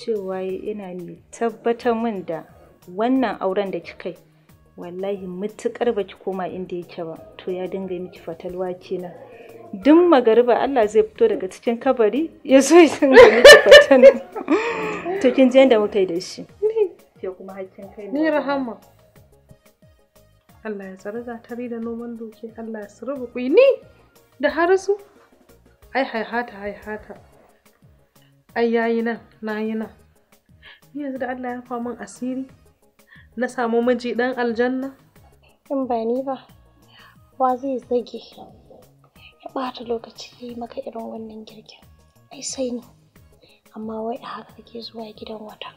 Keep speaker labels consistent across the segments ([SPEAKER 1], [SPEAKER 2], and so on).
[SPEAKER 1] cewa yana mai tabbatar min da wannan auren da kika yi wallahi mutukar ba ki koma inda yake ba to ya dinga miki fatalwa kenan duk magariba Allah zai fito daga cikin kabari ya zo ya dinga miki fatan to kin ji yadda muka yi da shi
[SPEAKER 2] ke kuma hakkin kai ne rahama Allah ya tsare za ta rida noman doki Allah ya tsare ku ni da har su ai hai hata hai hata ai yayi nan nayi nan yanzu da Allah ya fa asiri na samu miji dan aljanna in ba ni ba
[SPEAKER 3] wa zai zage ya ɓata lokaci ya yi maka irin wannan girkin ai sai ni amma wai a haka kake zuwa gidan wata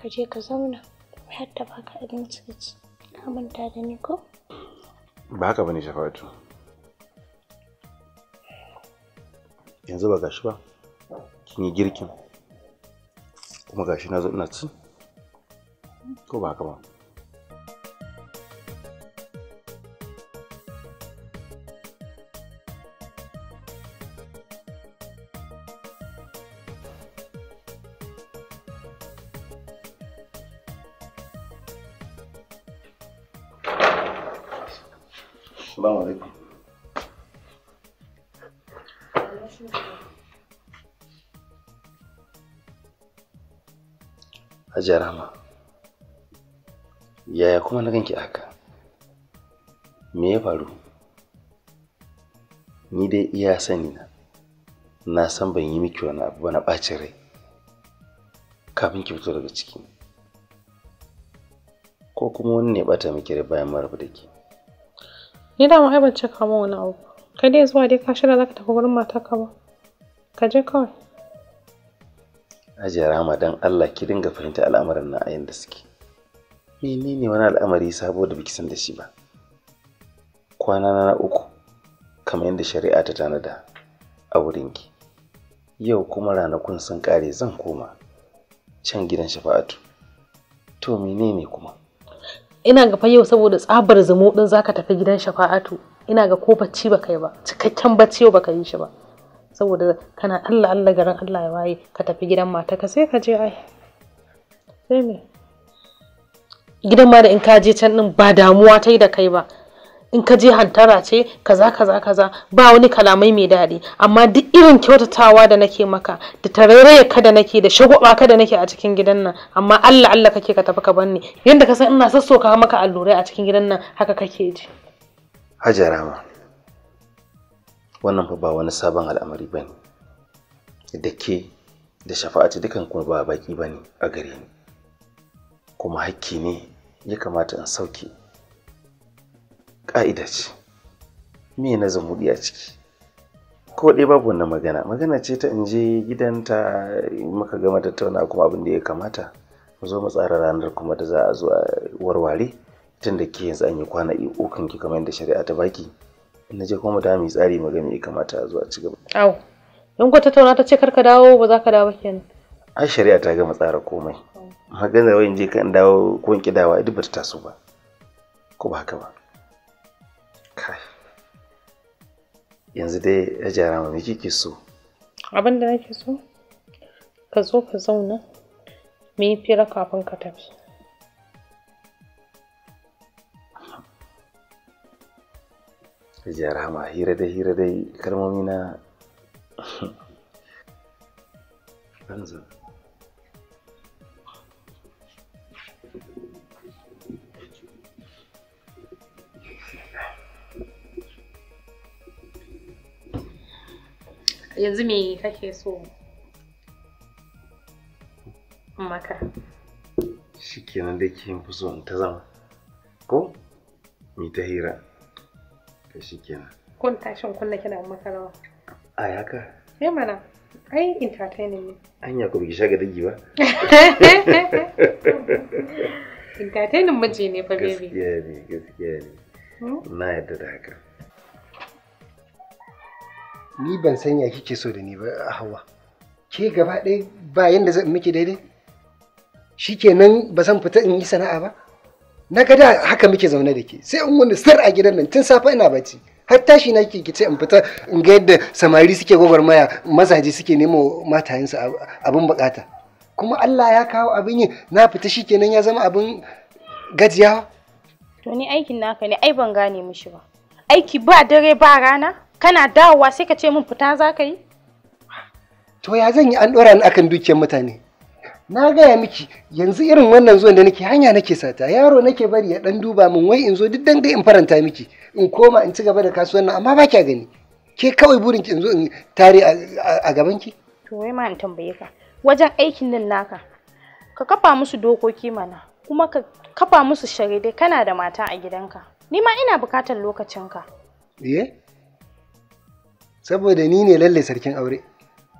[SPEAKER 3] ka je ka zauna har ta baka abinci ka ci ka manta da ni ko
[SPEAKER 4] ba haka bane shafatu yanzu ba gashi ba kin yi girkin kuma gashi na zo ina ci ko ba haka ba jara ma Yaya kuma na ganki haka? Me ya faru? Ni dai iya sani na. Na san ban yi miki wani abu ba na ɓacin rai. Kafin ki fito daga ciki. Ko kuma wani ne ɓata miki rai bayan marabu da ke.
[SPEAKER 2] Ni da mu ai ban cika ma wani abu. Kai dai zuwa dai ka shirya zaka tafi gurin ka ba. Ka je kawai.
[SPEAKER 4] ajiye Rahama Allah ki dinga fahimta al'amuran nan a yanda suke. Menene wani al'amari sabo da biki san da shi ba? Kwana na uku kamar yadda shari'a ta tanada a wurinki. Yau kuma ranakun sun kare zan koma can gidan Shafa'atu. To menene kuma?
[SPEAKER 2] Ina ga fa yau saboda tsabar zumo din zaka tafi gidan Shafa'atu. Ina ga ko bacci baka yi ba, cikakken bacci yau baka yi shi ba. saboda kana Allah Allah garin Allah ya waye ka tafi gidan mata ka sai ka je ai sai ne gidan ma in ka je can din ba damuwa ta yi da kai ba in ka je hantara ce kaza kaza kaza ba wani kalamai mai daɗi amma duk irin kyautatawa da nake maka da tarairaya ka da nake da shagwaba ka da nake a cikin gidan nan amma Allah Allah kake ka tafi ka banni Yadda ka san ina sassoka maka allurai a cikin gidan nan haka kake ji
[SPEAKER 4] hajarama wannan fa ba wani sabon al'amari ba ne da ke da shafa'atu dukan kuma ba baki ba ne a gare ni kuma hakki ne ya kamata in sauke ƙa'ida ce me na zamuɗi a ciki ko dai babu wannan magana magana ce ta in je gidanta muka gama tattauna kuma abin da ya kamata mu zo mu tsara ranar kuma da za a zo a warware tun da ke yanzu an yi kwana uku kamar yadda shari'a ta baki na je kuma da mu tsari mu ga me kamata a zo a ci gaba
[SPEAKER 2] au in ku tattauna ta ce kar ka dawo ba za ka dawo kenan
[SPEAKER 4] A shari'a ta gama tsara komai maganar wayin je kan dawo ko in kidawa duk ba ta taso ba ko ba haka ba kai yanzu dai ya jara mu me kike so
[SPEAKER 2] abin da nake so ka zo ka zauna Me yi fira kafin ka tafi
[SPEAKER 4] Hajiya Rahama hira dai hira dai kalmomi na banza.
[SPEAKER 2] Yanzu me kake so maka?
[SPEAKER 4] Shi kenan da ke yin fi so ta zama, ko? Mi ta hira. to shi kenan
[SPEAKER 2] kun tashin kunna kina makarawa a yaka. eh mana ai entertaining ne
[SPEAKER 4] anya ku bi shaga dagi ba
[SPEAKER 2] entertaining miji ne fa baby
[SPEAKER 4] gaskiya ne gaskiya ne
[SPEAKER 2] hmm?
[SPEAKER 5] na yadda da haka ni ban san ya kike so da ni ba a hawa ke gaba ɗaya ba yanda zan miki daidai shikenan ba zan fita in yi sana'a ba na ga da haka muke zaune da ke sai in wani sar a gidan nan tun safe ina bacci har tashi na ke kice in fita in ga yadda samari suke gwagwarmaya mazaje suke nemo matayensu abin bukata kuma Allah ya kawo abin yi na fita shi kenan ya zama abin gajiya
[SPEAKER 6] to ni aikin naka ne ai ban
[SPEAKER 2] gane mishi ba aiki ba dare ba rana kana dawowa sai ka ce min fita za ka yi
[SPEAKER 5] to ya zan yi an dora ni akan dukiyar mutane
[SPEAKER 2] na gaya miki
[SPEAKER 5] yanzu irin wannan zuwan da nake hanya nake sata yaro nake bari ya dan duba min wai in zo duk dan in faranta miki in koma in ci gaba da kasuwannin amma ba kya gani ke kawai burin ki in zo in tare a gaban ki
[SPEAKER 2] to wai ma in tambaye ka wajen aikin nan naka ka kafa musu dokoki mana kuma ka kafa musu sharidai kana da mata a gidanka ni ma ina bukatar lokacinka
[SPEAKER 5] eh saboda ni ne lalle sarkin aure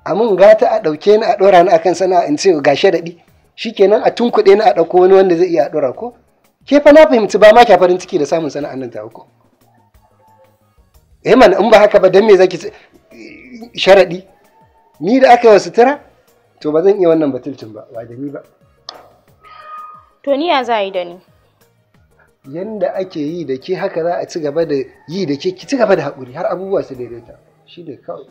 [SPEAKER 5] a mun gata a ɗauke ni a ɗora ni akan sana'a in ce ga shi shikenan a tunkuɗe ni a ɗauko wani wanda zai iya ɗora ko ke fa na fahimci ba ma kya farin ciki da samun sana'an nan ta ko eh man in ba haka ba dan me zaki sharaɗi ni da aka yi wa sutura to ba zan iya wannan batulcin ba wa da ba
[SPEAKER 2] to ni ya za yi da ni
[SPEAKER 5] yanda ake yi da ke haka za a ci gaba da yi da ke ki ci gaba da haƙuri har abubuwa su daidaita shi ne kawai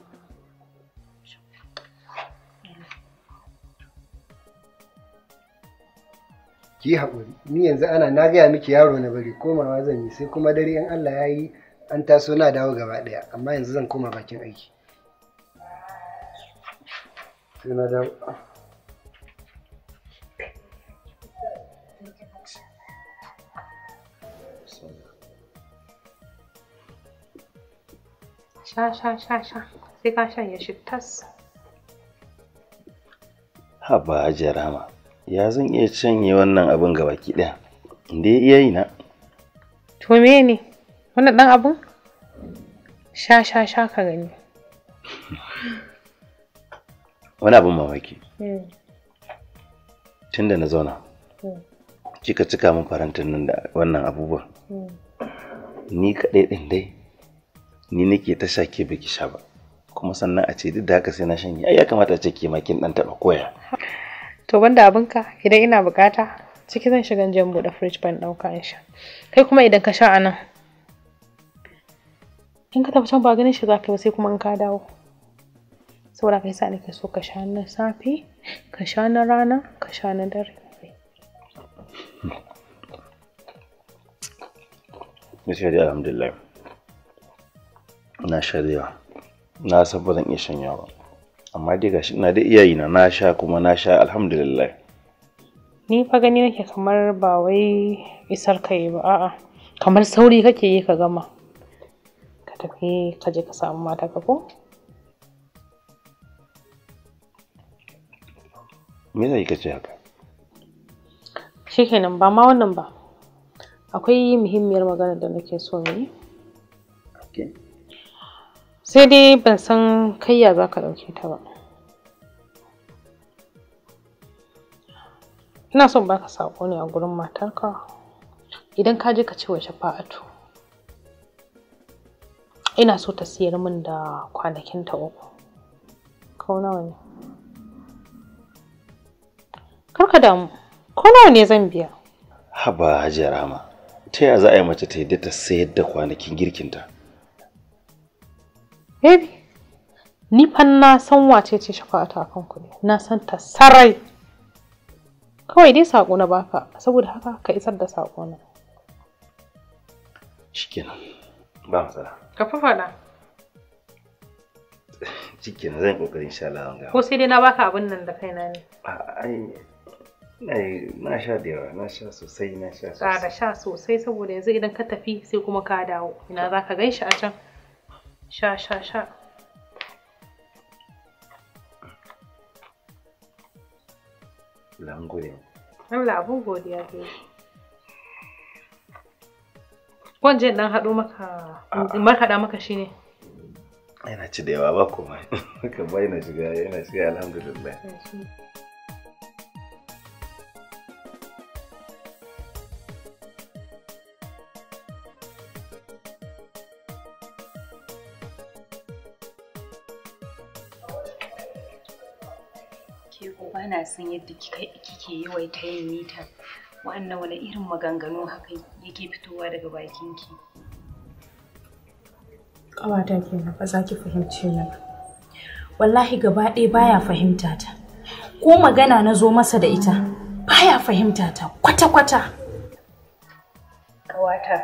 [SPEAKER 5] ki haƙuri ni yanzu ana na gaya miki yaro na bari komawa zan yi sai kuma dare in Allah ya yi an taso na dawo gaba ɗaya amma yanzu zan koma bakin aiki
[SPEAKER 2] sha sha sha sha sai ka ya shi tas
[SPEAKER 4] haba jarama ya zan iya canye wannan abin ga baki ɗaya inda ya iya yi na
[SPEAKER 2] to me ne wannan ɗan abin sha sha sha ka gani
[SPEAKER 4] wani abin mamaki hmm. tunda na zauna hmm. kika cika min farantin nan da wannan abubuwa? Hmm. ni kaɗai ɗin dai ni nake ta ke baki sha ba kuma sannan a ce duk da haka sai na shanye ai ya kamata a ce ke makin ɗan taɓa koya
[SPEAKER 2] to banda abinka idan ina bukata ciki zan shiga jan bude fridge ban ɗauka in sha kai kuma idan ka sha anan. in ka tafi can ba ganin shi za ka ba sai kuma in ka dawo saboda kai sa ka so ka sha na safe ka sha na rana ka sha na dare
[SPEAKER 4] gaskiya dai alhamdulillah na sha na san ba zan iya shanya ba amma dai gashi ina da iyayena na sha kuma na sha alhamdulillah
[SPEAKER 2] ni fa gani nake kamar ba wai isar ka yi ba a'a kamar sauri kake yi ka gama ka tafi ka je ka samu mata ka ko
[SPEAKER 4] me zai ka ce haka
[SPEAKER 2] shikenan ba ma wannan ba akwai muhimmiyar magana da nake so mu yi okay. sai dai ban san kayya za ka ɗauke ta ba ina son baka sako ne a gurin matarka idan ka je ka ce wa shafa'atu ina so ta siyar min da kwanakin ta uku nawa ne karka damu ko nawa ne zan biya
[SPEAKER 4] haba hajiya rama ta yaya za a yi mace ta da ta sayar da kwanakin girkinta
[SPEAKER 2] Baby, ni fa na san wace ce shafa'atu akan ku ne, na san ta sarai. Kawai dai sako na baka, saboda haka ka isar da sako na.
[SPEAKER 4] Shikenan, ba matsala. Ka fa faɗa. Shikenan zan kokari insha Allah ga. Ko
[SPEAKER 2] sai dai na baka abin nan da kaina ne.
[SPEAKER 4] Ai, Ai, na sha da yawa, na sha sosai, na sha sosai. Ka
[SPEAKER 2] sha sosai saboda yanzu idan ka tafi sai kuma ka dawo. Ina za ka gan shi a can. sha sha sha godiya ke. haɗo maka markaɗa maka shi ne.
[SPEAKER 4] Yana ci da yawa ba Ka bai na shiga yana shiga alhamdulillah.
[SPEAKER 6] san yadda kike yawaita yin nita wa'annan wani irin maganganu haka yake fitowa daga bakinki
[SPEAKER 2] ƙawata kenan ba za ki fahimce ni wallahi gaba ɗaya baya fahimta ta ko magana na zo masa da ita baya
[SPEAKER 6] fahimta ta kwata-kwata ƙawata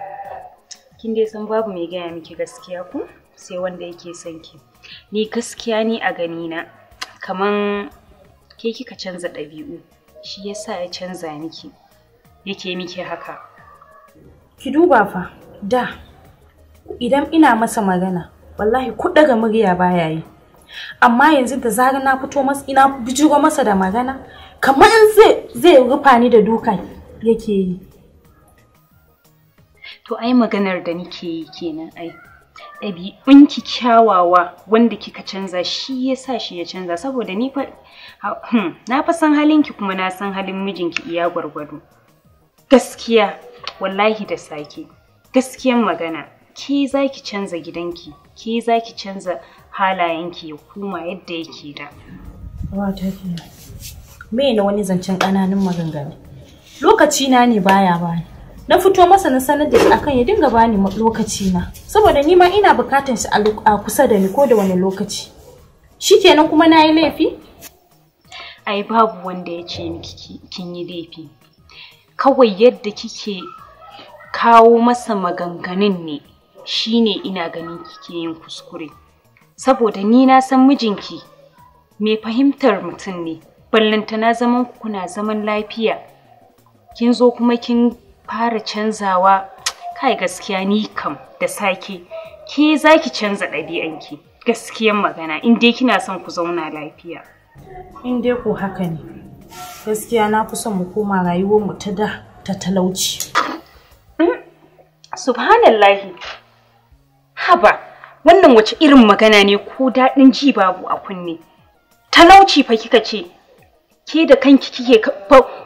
[SPEAKER 6] kin dai san babu mai gaya miki gaskiya ku sai wanda yake son ki ni gaskiya ni a ganina kaman ke kika canza ɗabi'u shi yasa ya canza miki yake miki haka ki duba fa da
[SPEAKER 2] idan ina masa magana wallahi ku daga murya baya yi amma yanzu da zarar na fito masa ina bijiro masa da magana kamar zai zai rufa ni da dukan yake yi
[SPEAKER 6] to ai maganar da nike yi kenan ai ki kyawawa wanda kika canza shi ya sa shi ya canza saboda ni fa hmm, na fa san halinki kuma na san halin mijinki iya gwargwado gaskiya wallahi da sake gaskiyan magana ke za ki canza gidanki ke za ki canza halayenki ya kuma yadda yake da
[SPEAKER 2] wata na wani zancen ƙananun maganganu lokaci na ne baya bani na fito masa na sanar da shi akan ya dinga bani lokaci na saboda ni ma ina bukatar shi a kusa da ni ko da wani lokaci shikenan kuma na laifi
[SPEAKER 6] ai babu wanda ya ce miki kin yi laifi kawai yadda kike kawo masa maganganun ne shine ina ganin kike yin kuskure saboda ni na san mijinki mai fahimtar mutum ne ballantana zaman kuna zaman lafiya kin zo kuma kin fara canzawa kai gaskiya ni kam da sake ke za ki canza ɗabi'anki gaskiyan magana in dai kina son ku zauna lafiya.
[SPEAKER 2] In dai ko haka ne gaskiya na fi son mu koma
[SPEAKER 6] rayuwar mu ta da ta talauci. Hmm? Subhanallahi haba wannan wace irin magana ne ko daɗin ji babu a kunne. Talauci fa kika ce ke da kanki kike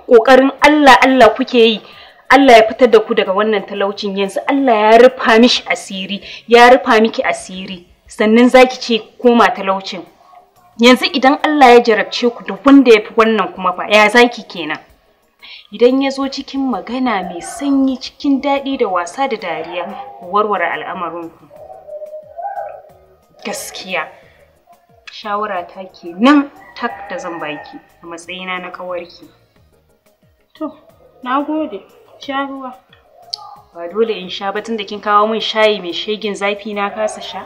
[SPEAKER 6] ƙoƙarin Allah Allah kuke yi Allah ya fitar da ku daga wannan talaucin yanzu Allah ya rufa mishi asiri ya rufa miki asiri sannan zaki ce koma talaucin yanzu idan Allah ya jarabce ku duk wanda ya fi wannan kuma fa ya zaki kenan idan ya zo cikin magana mai sanyi cikin daɗi da wasa da dariya ku warware al'amarinku gaskiya shawara ta ke tak da zan baki a matsayina na kawarki to na gode Sha ruwa. Ba dole in sha ba tunda kin kawo min shayi mai shegin zafi na kasa sha.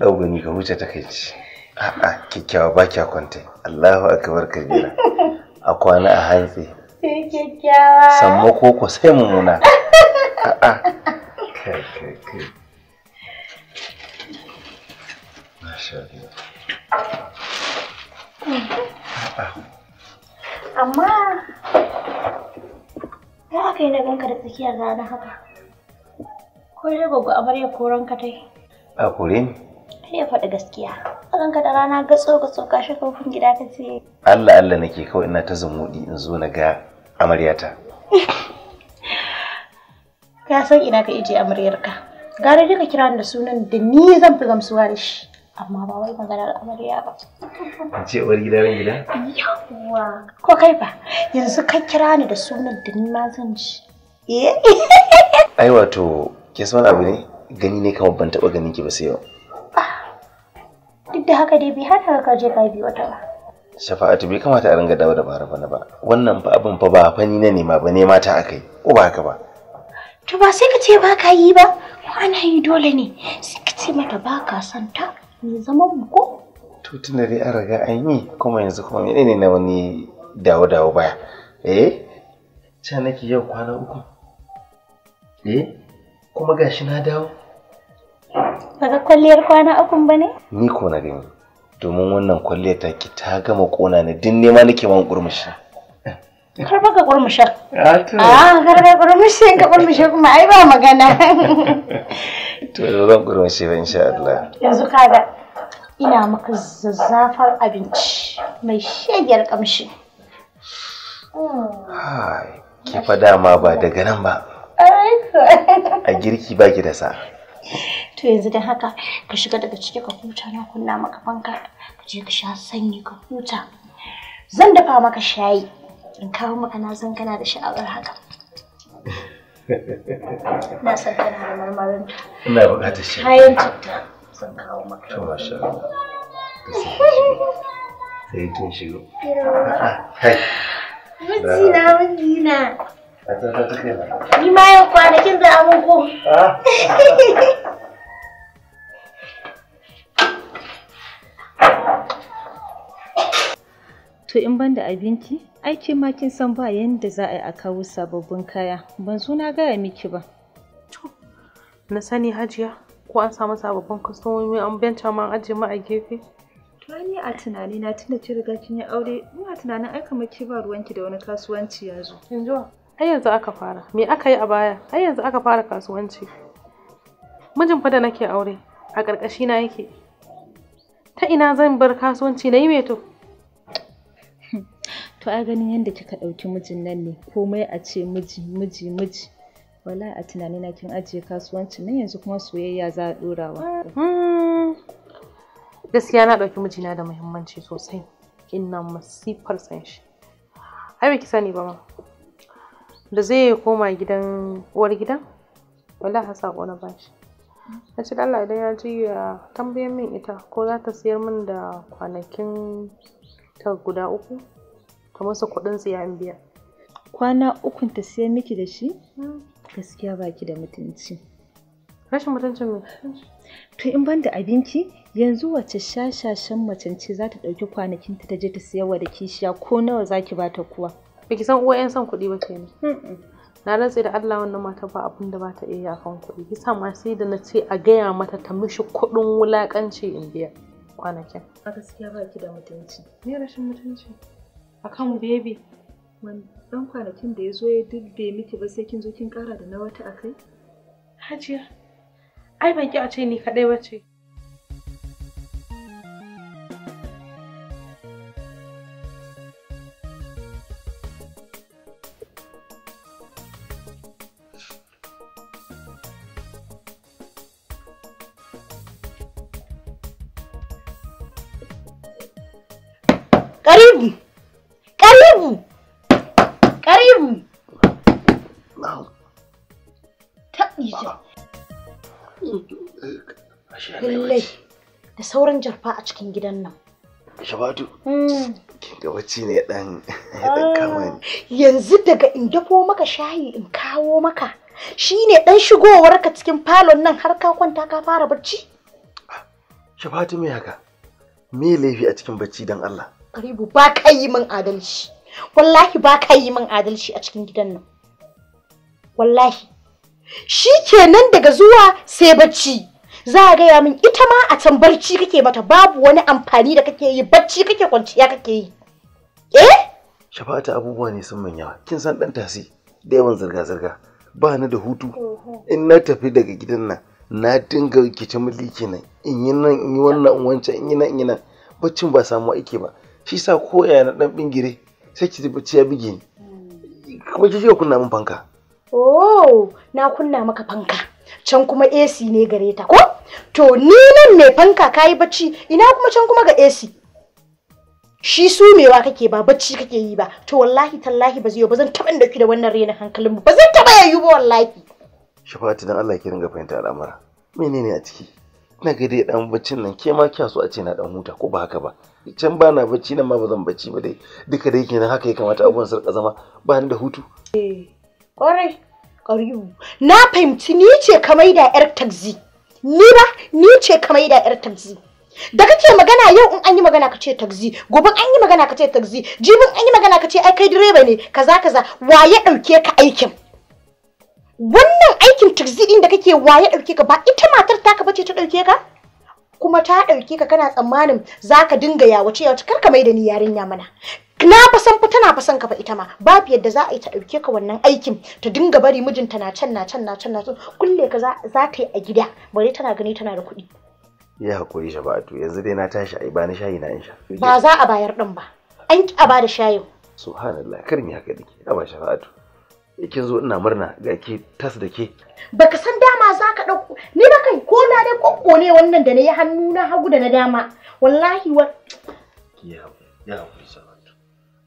[SPEAKER 4] Dau gani ka huce takaici. A'a kyakkyawa ba kya kwanta. Allahu akbar kabira. A kwana a hantsi.
[SPEAKER 2] Sai kyakkyawa. Sammo
[SPEAKER 4] koko sai mummuna. A'a. Kai kai kai. Masha Allah.
[SPEAKER 3] Amma ya kai na ganka da tsakiyar rana haka. Ko dai babu amarya koran ka tai.
[SPEAKER 4] A kore ni.
[SPEAKER 3] sai ya faɗi gaskiya A ka da rana gatso gatso ka shi kofin gida ka ce
[SPEAKER 4] Allah Allah nake kawai ina ta zumuɗi in zo na ga amaryata
[SPEAKER 3] ka san ina ka ije amaryarka gare duka kira da sunan da ni zan fi gamsuwa da shi amma ba wai maganar amarya
[SPEAKER 4] ba ce uwar gida ran gida
[SPEAKER 3] yawa ko kai ba yanzu ka kira ni da sunan da ni ma zan ji eh.
[SPEAKER 4] ai wato ke son abu ne gani ne kawai ban taɓa ganin ki ba sai yau
[SPEAKER 3] Duk da haka dai bai hana ka je ka bi wata ba.
[SPEAKER 4] Shafa'atu bai kamata a ringa dawo da bara bana ba. Wannan fa abin fa ba fani na nema ba nema ta akai. Ko ba haka ba?
[SPEAKER 3] To ba sai ka ce ba ka yi ba. Ko ana yi dole ne. Sai ka ce mata ba ka son ta. Me zaman mu ko?
[SPEAKER 4] To tunda dai an riga an yi kuma yanzu kuma ne na wani dawo-dawo baya. Eh? Can nake yau kwana uku. Eh? Kuma gashi na dawo.
[SPEAKER 3] Ba kwalliyar kwana ukun ba ne?
[SPEAKER 4] Ni ko na gani. Domin wannan kwalliyar ta ki ta gama kona ne din nema nake man kurmushi.
[SPEAKER 3] Kar ba ka kurmusha.
[SPEAKER 4] A ah,
[SPEAKER 3] kar ka kurmushi in ka kurmushe kuma ai ba magana.
[SPEAKER 4] To zan kurmushe ba insha Allah.
[SPEAKER 3] Yanzu kaga ina maka zazzafar abinci mai shagiyar kamshi.
[SPEAKER 4] Ki hmm. fa dama ba daga nan ba. A girki ba ki da sa.
[SPEAKER 3] to yanzu dan haka ka shiga daga ciki ka huta na kunna maka fanka ka je ka sha sanyi ka huta zan dafa maka shayi in kawo maka na san kana da sha'awar haka
[SPEAKER 4] na
[SPEAKER 3] san kana da marmarin
[SPEAKER 4] ina buƙatar shi kayan
[SPEAKER 3] citta zan kawo maka to
[SPEAKER 4] masha Allah sai tun shigo
[SPEAKER 5] kai
[SPEAKER 3] mijina
[SPEAKER 5] na.
[SPEAKER 3] ni ma yau kwanakin da amin ko
[SPEAKER 5] ah.
[SPEAKER 1] To in ban da abinci ai ke ma kin san ba yanda za a yi a kawo sababbin kaya, ban zo na gaya miki ba. To,
[SPEAKER 2] na sani hajiya, ko an samu sababbin
[SPEAKER 1] kwastomomi an
[SPEAKER 2] benta ma an aje ma a gefe?
[SPEAKER 1] To ni a tunani na tunda ki riga kin yi aure, ni a tunanin ai kamar ki ba ruwanki da wani kasuwanci yanzu. Yanzu ai yanzu aka fara,
[SPEAKER 2] me aka yi a baya? Ai yanzu aka fara kasuwanci. Mijin fa da nake aure, a ƙarƙashina na yake. Ta ina zan bar kasuwanci na yi me to?
[SPEAKER 1] to a ganin yadda kika ɗauki mijin nan ne komai a ce miji miji miji wala a tunani na kin ajiye kasuwanci nan yanzu kuma soyayya za a ɗorawa mm-hmm. gaskiya na ɗauki mijina da muhimmanci sosai ina
[SPEAKER 2] masifar san shi ai ki sani ba ma da zai koma gidan uwar gidan wala ha saƙo na bashi na ci Allah idan ya ji ya tambaye min ita ko za ta siyar min da kwanakin ta guda
[SPEAKER 1] uku ta masa su ya biya kwana ukun ta siya miki da shi hmm. gaskiya baki da mutunci rashin mutuncin me to in ban da abinci yanzu wace shashashan macance za ta ɗauki kwanakin ta je ta siyarwa da kishiya ko nawa za ki bata kuwa baki san uwa 'yan son kuɗi ba ke na
[SPEAKER 2] rantse da Allah wannan mata ba abin da ba ta iya kan kuɗi kisa ma sai da na ce a gaya mata ta mishi kuɗin wulakanci in biya kwanakin
[SPEAKER 1] a gaskiya baki da mutunci ne rashin mutunci akan bebe. man dan kwanakin da ya zo ya duk miki ba sai kin zo kin kara da na wata akai hajiya ai ban ki a ce ni kadai ba
[SPEAKER 2] ce
[SPEAKER 3] Lallai da sauran jarfa a cikin gidan nan. Shabatu. Hmm.
[SPEAKER 4] Kin ga wacce ne dan
[SPEAKER 3] dan ah, Yanzu daga in dafo maka shayi in kawo maka shine dan shigowar ka cikin falon nan har ka kwanta ka fara barci.
[SPEAKER 4] Shabatu ah, me haka? Me laifi a cikin barci dan Allah?
[SPEAKER 3] Karibu ba ka yi min adalci. Wallahi ba ka yi min adalci a cikin gidan nan. Wallahi shi kenan daga zuwa sai bacci za a gaya min ita ma a can barci kake mata babu wani amfani da kake yi barci kake kwanciya kake yi eh
[SPEAKER 4] shafa'ata abubuwa ne sun manya kin san dan tasi da yawan zirga zirga ba ni da hutu in na tafi daga gidan nan na dinga rikice mulki kenan in yi nan in yi wannan in wancan in yi nan in yi nan baccin ba samu aiki ba shi sa ko na dan bingire sai ki ji bacci ya bige ni
[SPEAKER 3] hmm.
[SPEAKER 4] kuma ki ji kunna min fanka
[SPEAKER 3] Oh, na kunna maka fanka. Can kuma AC ne gare ta ko? To ni nan mai fanka kayi bacci ina kuma can kuma ga AC. Shi sumewa kake ba bacci kake yi ba. To wallahi tallahi ba zai ba zan taɓa dauki da wannan rena hankalin ba. Ba zan taɓa yayi ba wallahi.
[SPEAKER 4] Shafa'atu dan Allah ki ringa fahimta al'amura. Menene a ciki? Na ga dai dan baccin nan ke ma kya so a ce na dan huta ko ba haka ba. Can ba na bacci nan ma ba zan bacci ba dai. Duka dai kenan haka ya kamata abubuwan sarka zama ba ni da hutu. Eh.
[SPEAKER 3] Ƙwarai. Ƙaribu. Na fahimci ni ce ka maida 'yar takzi. Ni ba ni ce ka maida 'yar takzi. Da kake magana yau in an yi magana ka ce takzi. gobe an yi magana ka ce taxi, jibin an yi magana ka ce ai kai direba ne, kaza kaza, wa ya ɗauke ka aikin? Wannan aikin takzi ɗin da kake wa ya ɗauke ka ba ita matar taka bace ta ɗauke ka? Kuma ta ɗauke ka kana tsammanin za ka dinga yawace yawace kar ka da ni yarinya mana. na fasan fa tana fasan ka fa ita ma babu yadda za a yi ta ɗauke ka wannan aikin ta dinga bari mijinta na can na can na can na kulle ka za ta yi a gida bare tana gani tana da kuɗi.
[SPEAKER 4] Ya hakuri Shafa'atu yanzu dai na tashi a yi, ba ni shayi na in sha. Ba za a
[SPEAKER 3] bayar ɗin ba an ki a da shayin.
[SPEAKER 4] Subhanallah kar mi haka dake a ba Shafa'atu. Kin zo ina murna ga ke tas da ke.
[SPEAKER 3] Baka san dama za ka ɗauko ni ba kai ko na dai ƙoƙo ne wannan da na yi hannu na hagu da na dama wallahi wa.
[SPEAKER 4] Ya hakuri ya hakuri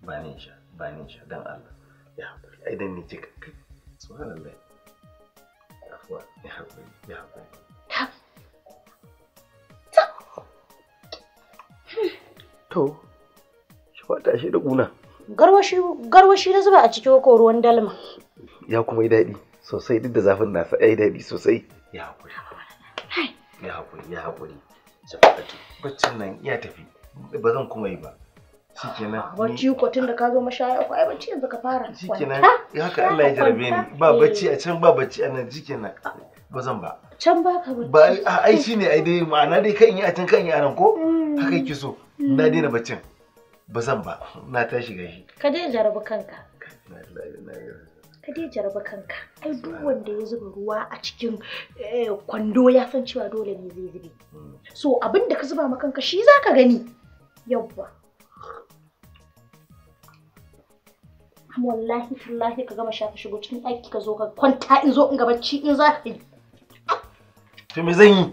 [SPEAKER 4] ba ni sha ba ni sha don Allah ya hakuri ai dan ni ce ka subhanallah afwa ya haƙuri, ya haƙuri. to shi wata shi da kuna
[SPEAKER 3] garwashi garwashi na zuba a cikin ko ruwan dalma
[SPEAKER 4] ya kuma yi daɗi sosai duk da zafin nasa ya yi daɗi sosai ya haƙuri, ya haƙuri, ya haƙuri, hakuri shafa'atu baccin nan ya tafi ba zan kuma yi ba shikenan ah,
[SPEAKER 3] bacci ko tun da ka zo mashaya ko ai bacci yanzu ka fara shikenan haka Allah ya jarabe ni ba bacci
[SPEAKER 4] a eh. can ba bacci a nan shikenan ah. ba zan ba
[SPEAKER 3] can ba ka bacci ba ah,
[SPEAKER 4] ai shine ai dai ma'ana dai kan yi a can kan yi a nan ko hmm. haka yake so hmm. na daina baccin ba zan ba na tashi gashi
[SPEAKER 3] ka dai jarabi kanka ka dai jarabi kanka ai duk wanda ya zuba ruwa a cikin eh, kwando ya san cewa dole ne zai zube hmm. so abin da ka zuba ma kanka shi zaka gani yawwa wallahi tallahi ka gama shafa shigo cikin ɗaki ka zo ka kwanta in zo in ga bacci in za ka yi
[SPEAKER 4] to me zan yi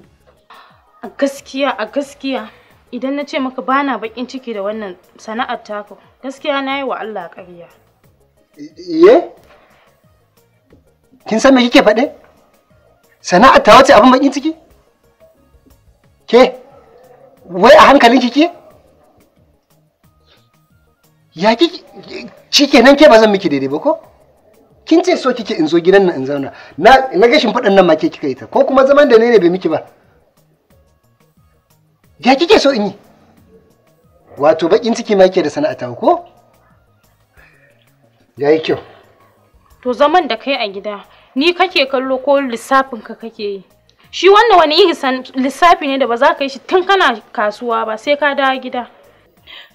[SPEAKER 2] a gaskiya a gaskiya idan na ce maka bana bakin ciki da wannan sana'ar taka gaskiya na yi wa Allah ƙarya
[SPEAKER 5] ye kin san me kike faɗe sana'ar ta wace abin bakin ciki ke wai a hankalin kike ya ki kenan ke ba zan miki daidai ba ko kin ce so kike in zo gidan nan in zauna na na gashin fadan nan ma ke kika yi ta ko kuma zaman da ne ne bai miki ba ya kike so in yi wato bakin ciki ma ke da sana'ata ko ya yi kyau
[SPEAKER 2] to zaman da kai a gida ni kake kallo ko lissafin ka kake yi shi wannan wani lissafi ne da ba za ka yi shi tun kana kasuwa ba sai ka dawo gida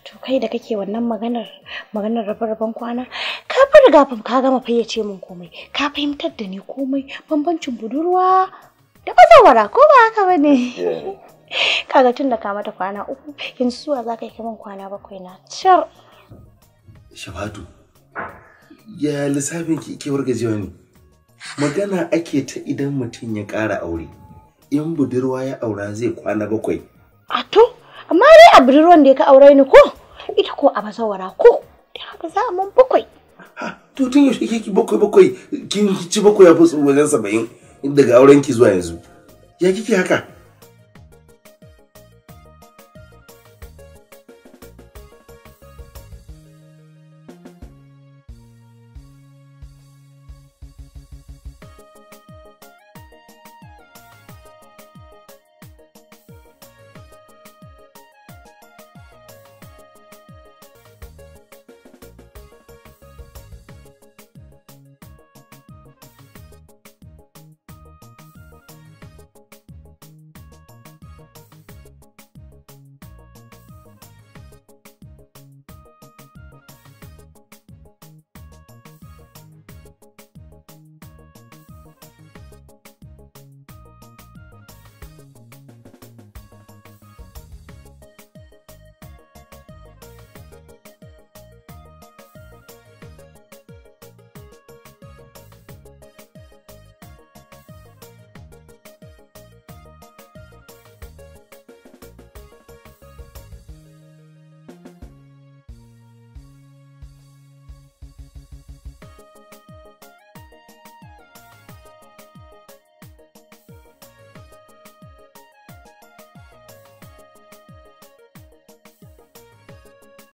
[SPEAKER 3] to kai da kake wannan maganar maganar rabe-raben kwana ka fi riga ka gama fayyace min komai ka fahimtar da ni komai bambancin budurwa da bazawara ko ba haka ba ne kaga tun da ka mata kwana uku yanzu zuwa za ka yi kaman kwana bakwai na cir
[SPEAKER 4] shabatu ya lissafin ki ke wargajewa ne magana ake ta idan mutum ya ƙara aure in budurwa ya aura zai kwana bakwai a
[SPEAKER 3] to amma dai a ruwan da ya ka aure ni ko ita ko a bazawara ko da haka za a man bakwai
[SPEAKER 4] to tun yaushe kike bakwai bakwai kin ci bakwai a fusu wajen saba'in daga auren ki zuwa yanzu ya kike haka